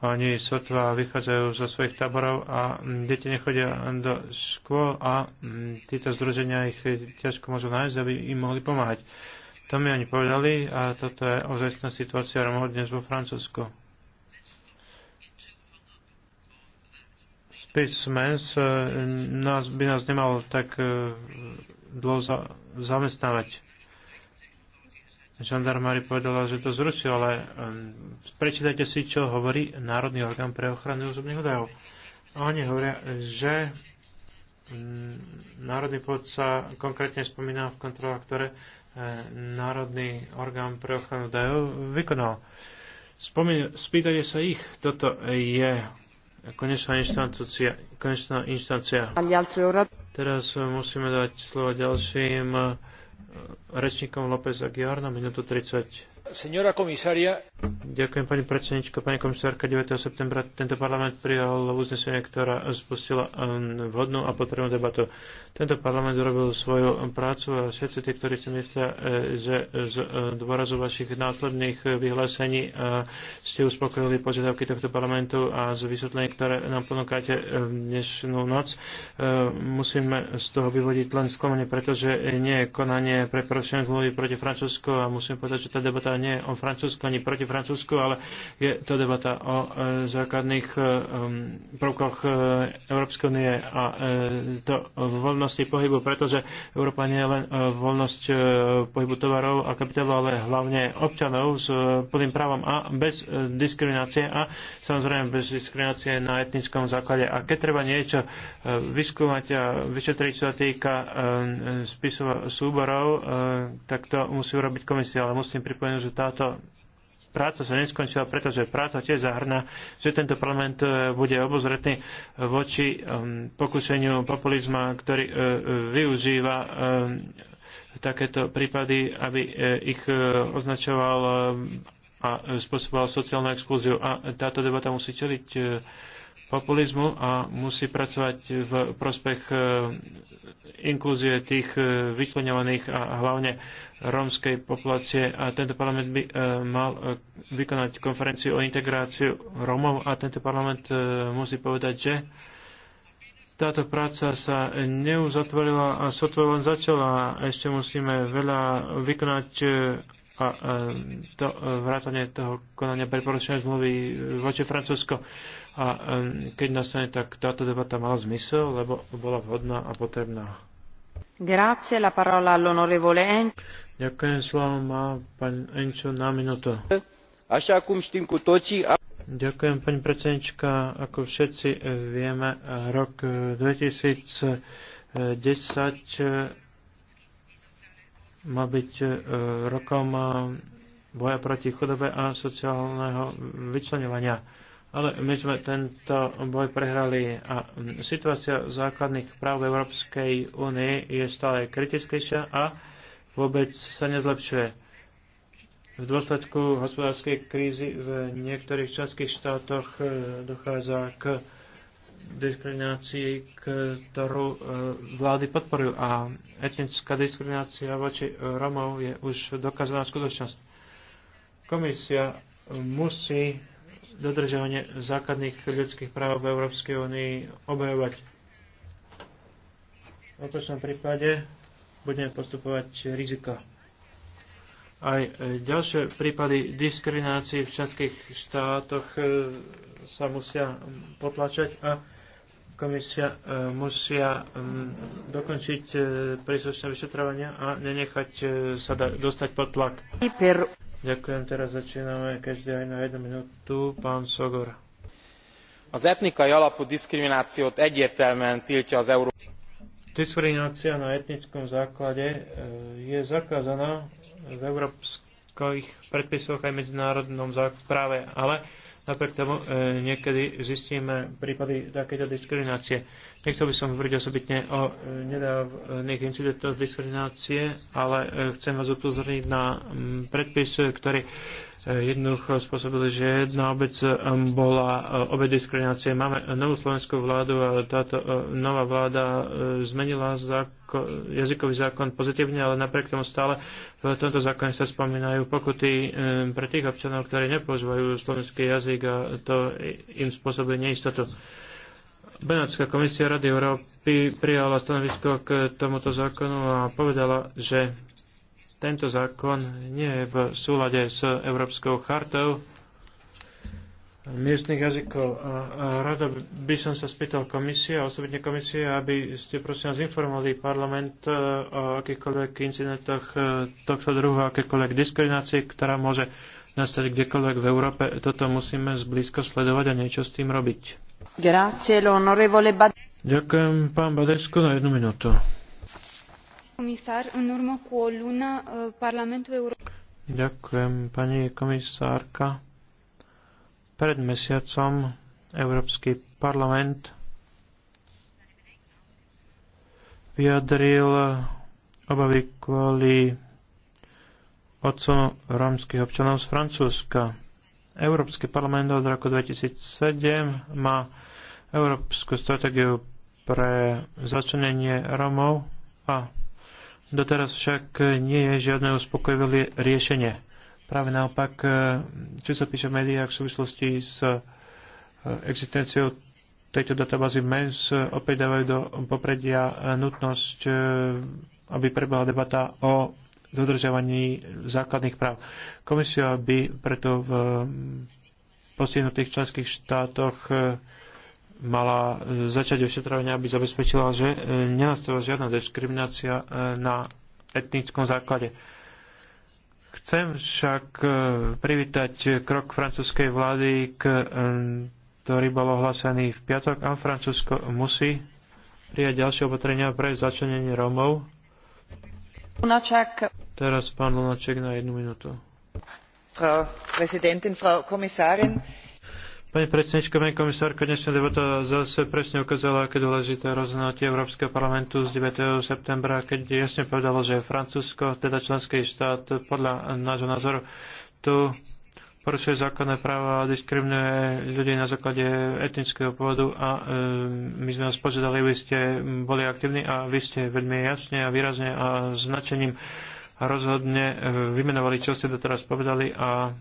oni sotva vychádzajú zo svojich táborov a deti nechodia do škôl a mm, títo združenia ich ťažko môžu nájsť, aby im mohli pomáhať. To mi oni povedali a toto je ozajstná situácia Romov dnes vo Francúzsku. Spis mens eh, nás, by nás nemal tak eh, dlho zamestnávať žandarmári povedala, že to zrušil, ale um, prečítajte si, čo hovorí Národný orgán pre ochranu osobných údajov. Oni hovoria, že mm, Národný pod sa konkrétne spomína v kontrolách, ktoré eh, Národný orgán pre ochranu údajov vykonal. Spomín, spýtajte sa ich, toto je konečná inštancia. Konečná inštancia. Teraz musíme dať slovo ďalším eh, rečníkom López Aguiar na minútu 30. Ďakujem pani predsednička, pani komisárka. 9. septembra tento parlament prijal uznesenie, ktorá spustila um, vhodnú a potrebnú debatu. Tento parlament urobil svoju prácu a všetci tí, ktorí si myslia, e, že z e, dôrazu vašich následných vyhlásení e, ste uspokojili požiadavky tohto parlamentu a z vysvetlení, ktoré nám ponúkate dnešnú noc, musíme z toho vyvodiť len sklamanie, pretože nie je konanie pre porušenie zmluvy proti Francúzsku a musím povedať, že tá debata nie o Francúzsku ani proti Francúzsku, ale je to debata o e, základných e, um, prvkoch e, Európskej únie a to voľnosti pohybu, pretože Európa nie je len voľnosť pohybu tovarov a kapitálu, ale hlavne občanov s plným právom a bez diskriminácie a samozrejme bez diskriminácie na etnickom základe. A keď treba niečo vyskúmať a vyšetriť, čo sa týka spisov súborov, tak to musí urobiť komisia, ale musím pripomenúť, že táto práca sa neskončila, pretože práca tiež zahrná, že tento parlament e, bude obozretný voči e, pokušeniu populizma, ktorý e, využíva takéto prípady, aby ich označoval a spôsoboval sociálnu exkluziu. A táto debata musí čeliť populizmu a musí pracovať v prospech e, inklúzie tých e, vyčlenovaných a hlavne rómskej populácie. A tento parlament by e, mal vykonať konferenciu o integráciu Rómov a tento parlament musí povedať, že táto práca sa neuzatvorila a sotva len začala. Ešte musíme veľa vykonať a e, to e, vrátanie toho konania preporučenej zmluvy voči Francúzsko. A e, keď nastane, tak táto debata mala zmysel, lebo bola vhodná a potrebná. Grazie, la parola all'onorevole Encio. Ďakujem, slovo má pani Enčo na minútu. Așa cum știm cu toții, Ďakujem, pani predsednička. Ako všetci vieme, rok 2010 má byť e, rokom e, boja proti chudobe a sociálneho vyčlenovania. Ale my sme tento boj prehrali a situácia základných práv v Európskej únii je stále kritickejšia a vôbec sa nezlepšuje. V dôsledku hospodárskej krízy v niektorých členských štátoch e, dochádza k diskriminácii, ktorú e, vlády podporujú. A etnická diskriminácia voči e, Romov je už dokázaná skutočnosť. Komisia musí dodržovanie základných ľudských práv v Európskej únii obhajovať. V opačnom prípade budeme postupovať riziko. Aj e, ďalšie prípady diskriminácií v členských štátoch sa musia potlačať a komisia e, musia dokončiť e, príslušné vyšetrovania a nenechať e, sa da, dostať pod tlak. Per... Ďakujem, teraz začíname každý aj na jednu minútu. Pán Sogor. Az etnikai alapú diskriminációt egyértelműen tiltja az Európa. Diskriminácia na etnickom základe e, je zakázaná v európskych predpisoch aj medzinárodnom práve, ale Napriek tomu e, niekedy zistíme prípady takéto diskriminácie. Nechcel by som hovoriť osobitne o e, nedávnych incidentoch diskriminácie, ale e, chcem vás upozorniť na predpis, ktorý e, jednoducho spôsobili, že jedna obec bola obec diskriminácie. Máme novú slovenskú vládu a táto nová vláda zmenila zákon, jazykový zákon pozitívne, ale napriek tomu stále v tomto zákone sa spomínajú pokuty pre tých občanov, ktorí nepoužívajú slovenský jazyk a to im spôsobuje neistotu. Benátska komisia Rady Európy prijala stanovisko k tomuto zákonu a povedala, že tento zákon nie je v súlade s Európskou chartou miestnych jazykov. Rado by som sa spýtal komisie, osobitne komisie, aby ste prosím vás informovali parlament e, o akýchkoľvek incidentoch e, tohto druhu, akékoľvek diskriminácii, ktorá môže nastať kdekoľvek v Európe. Toto musíme zblízko sledovať a niečo s tým robiť. Grazie, Ďakujem, pán Badesko, na jednu minútu. Komisár, în urmă cu o lună, uh, Parlamentul European... Ďakujem, pani komisárka. Pred mesiacom Európsky parlament vyjadril obavy kvôli otcom rómskych občanov z Francúzska. Európsky parlament od roku 2007 má európsku stratégiu pre začlenenie Rómov a doteraz však nie je žiadne uspokojivé riešenie. Práve naopak, eh, čo sa píše v médiách v súvislosti s eh, existenciou tejto databázy MENS opäť dávajú do popredia eh, nutnosť, aby prebehla debata o dodržiavaní základných práv. Komisia by preto v postihnutých členských štátoch e, mala e, začať ošetrovanie, aby zabezpečila, že e, nenastáva žiadna diskriminácia na etnickom základe. Chcem však privítať krok francúzskej vlády, ktorý bol ohlásený v piatok a Francúzsko musí prijať ďalšie opatrenia pre začlenenie Rómov. Teraz pán Lunaček na jednu minútu. Frau Präsidentin, Frau Kommissarin. Pani predsednička, pani komisárka, dnešná debata zase presne ukázala, aké dôležité rozhodnutie Európskeho parlamentu z 9. septembra, keď jasne povedalo, že Francúzsko, teda členský štát, podľa nášho názoru, tu porušuje základné práva a diskriminuje ľudí na základe etnického pôvodu a e, my sme vás požiadali, vy ste boli aktívni a vy ste veľmi jasne a výrazne a značením rozhodne e, vymenovali, čo ste doteraz povedali a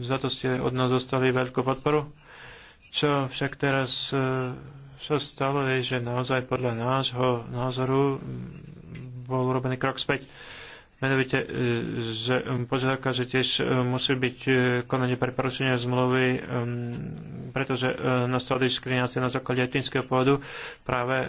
za to ste od nás dostali veľkú podporu. Čo však teraz e, sa stalo je, že naozaj podľa nášho názoru bol urobený krok späť. Menovite, e, že požiadavka, že tiež musí byť konanie pre porušenie zmluvy, pretože nastala diskriminácia na základe etnického pôvodu práve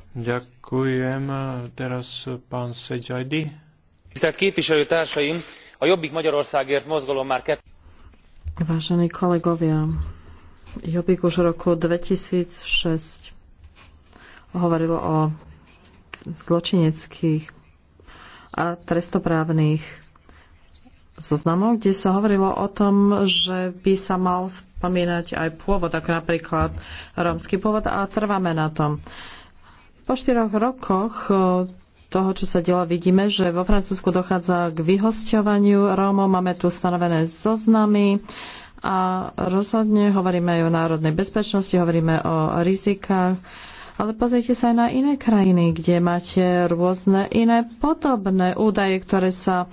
Ďakujem. Teraz pán Sejajdi. Tisztelt képviselőtársaim, a Jobbik Magyarországért mozgalom már ke... Vážení kolegovia, Jobbik už v roku 2006 hovorilo o zločineckých a trestoprávnych zoznamov, kde sa hovorilo o tom, že by sa mal spomínať aj pôvod, ako napríklad rómsky pôvod a trváme na tom. Uh, po štyroch rokoch e, toho, čo sa dialo, vidíme, že vo Francúzsku dochádza k vyhosťovaniu Rómov. Máme tu stanovené zoznamy a rozhodne hovoríme aj o národnej bezpečnosti, hovoríme o rizikách. Ale pozrite sa aj na iné krajiny, kde máte rôzne iné podobné údaje, ktoré sa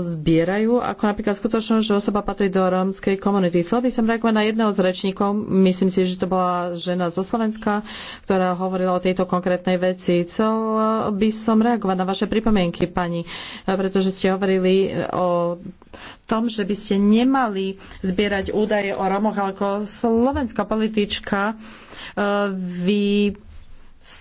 zbierajú, ako napríklad skutočnosť, že osoba patrí do rómskej komunity. Chcel by som reagovať na jedného z rečníkov, myslím si, že to bola žena zo Slovenska, ktorá hovorila o tejto konkrétnej veci. Chcel by som reagovať na vaše pripomienky, pani, pretože ste hovorili o tom, že by ste nemali zbierať údaje o Romoch, ale ako slovenská politička eh, vy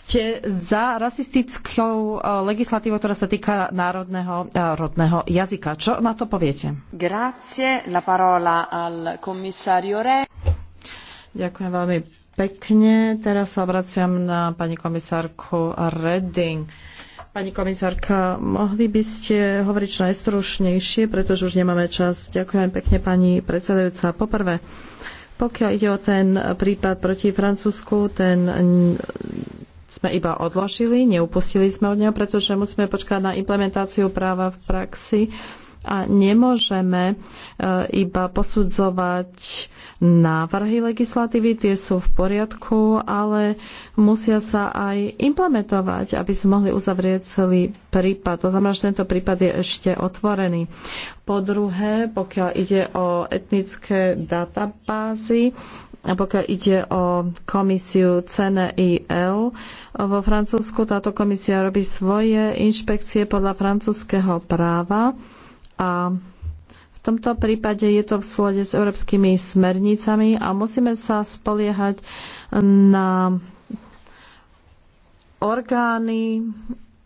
ste za rasistickou e, legislatívou, ktorá sa týka národného e, rodného jazyka. Čo na to poviete? Grazie, la parola al commissario Re. Ďakujem veľmi pekne. Teraz sa obraciam na pani komisárku Redding. Pani komisárka, mohli by ste hovoriť čo najstrušnejšie, pretože už nemáme čas. Ďakujem pekne, pani predsedajúca. Poprvé, pokiaľ ide o ten prípad proti Francúzsku, ten sme iba odložili, neupustili sme od neho, pretože musíme počkať na implementáciu práva v praxi a nemôžeme e, iba posudzovať návrhy legislatívy, tie sú v poriadku, ale musia sa aj implementovať, aby sme mohli uzavrieť celý prípad. To znamená, že tento prípad je ešte otvorený. Po druhé, pokiaľ ide o etnické databázy, a pokiaľ ide o komisiu CNIL vo Francúzsku, táto komisia robí svoje inšpekcie podľa francúzského práva a v tomto prípade je to v súlade s európskymi smernicami a musíme sa spoliehať na orgány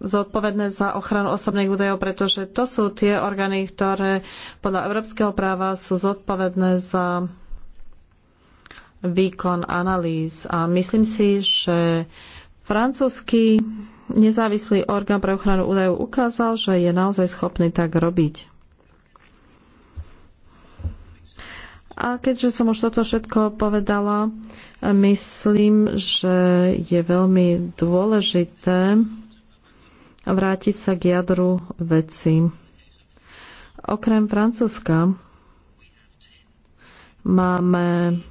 zodpovedné za ochranu osobných údajov, pretože to sú tie orgány, ktoré podľa európskeho práva sú zodpovedné za výkon analýz. A myslím si, že francúzsky nezávislý orgán pre ochranu údajov ukázal, že je naozaj schopný tak robiť. A keďže som už toto všetko povedala, myslím, že je veľmi dôležité vrátiť sa k jadru veci. Okrem Francúzska máme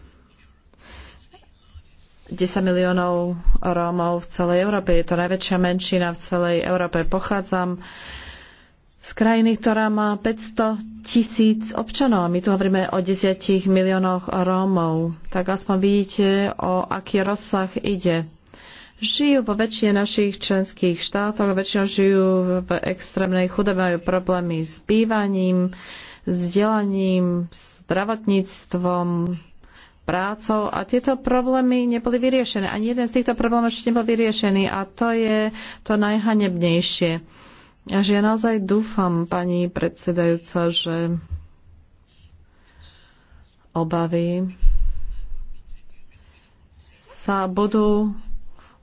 10 miliónov Rómov v celej Európe. Je to najväčšia menšina v celej Európe. Pochádzam z krajiny, ktorá má 500 tisíc občanov a my tu hovoríme o 10 miliónoch Rómov. Tak aspoň vidíte, o aký rozsah ide. Žijú vo väčšine našich členských štátov, väčšinou žijú v extrémnej chudobe, majú problémy s bývaním, s vzdelaním, zdravotníctvom, prácou a tieto problémy neboli vyriešené. Ani jeden z týchto problémov ešte nebol vyriešený a to je to najhanebnejšie. Až ja naozaj dúfam, pani predsedajúca, že obavy sa budú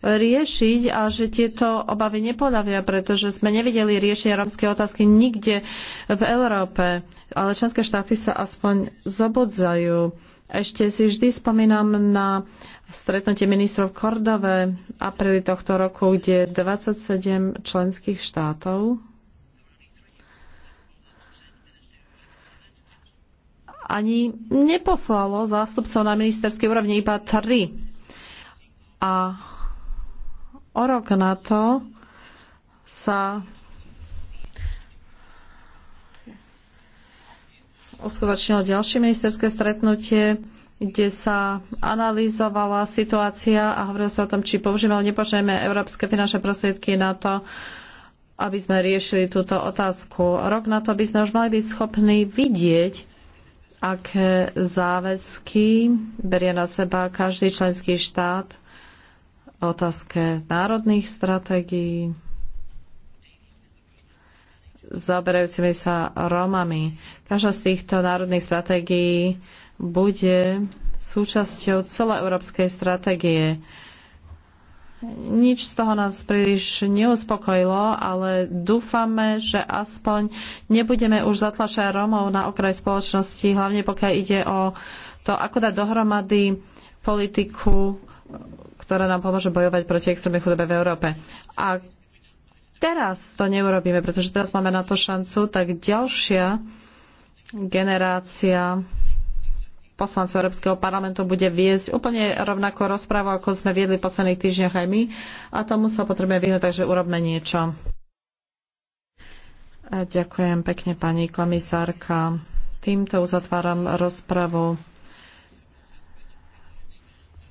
riešiť a že tieto obavy nepodavia, pretože sme nevideli riešenie romské otázky nikde v Európe, ale členské štáty sa aspoň zobudzajú. Ešte si vždy spomínam na stretnutie ministrov v Kordove v apríli tohto roku, kde 27 členských štátov ani neposlalo zástupcov na ministerskej úrovni, iba tri. A o rok na to sa uskutočnilo ďalšie ministerské stretnutie, kde sa analyzovala situácia a hovorilo sa o tom, či použijeme alebo nepožijeme európske finančné prostriedky na to, aby sme riešili túto otázku. Rok na to by sme už mali byť schopní vidieť, aké záväzky berie na seba každý členský štát v otázke národných stratégií, zaoberajúcimi sa Rómami. Každá z týchto národných stratégií bude súčasťou celoeurópskej stratégie. Nič z toho nás príliš neuspokojilo, ale dúfame, že aspoň nebudeme už zatlačať Rómov na okraj spoločnosti, hlavne pokiaľ ide o to, ako dať dohromady politiku, ktorá nám pomôže bojovať proti extrémnej chudobe v Európe. Ak teraz to neurobíme, pretože teraz máme na to šancu, tak ďalšia generácia poslancov Európskeho parlamentu bude viesť úplne rovnako rozprávu, ako sme viedli v posledných týždňoch aj my. A tomu sa potrebujeme vyhnúť, takže urobme niečo. A ďakujem pekne, pani komisárka. Týmto uzatváram rozpravu.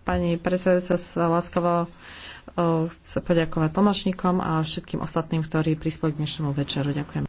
Pani predsedajúca sa láskavo Chcem poďakovať tlmočníkom a všetkým ostatným, ktorí prispeli k dnešnému večeru. Ďakujem.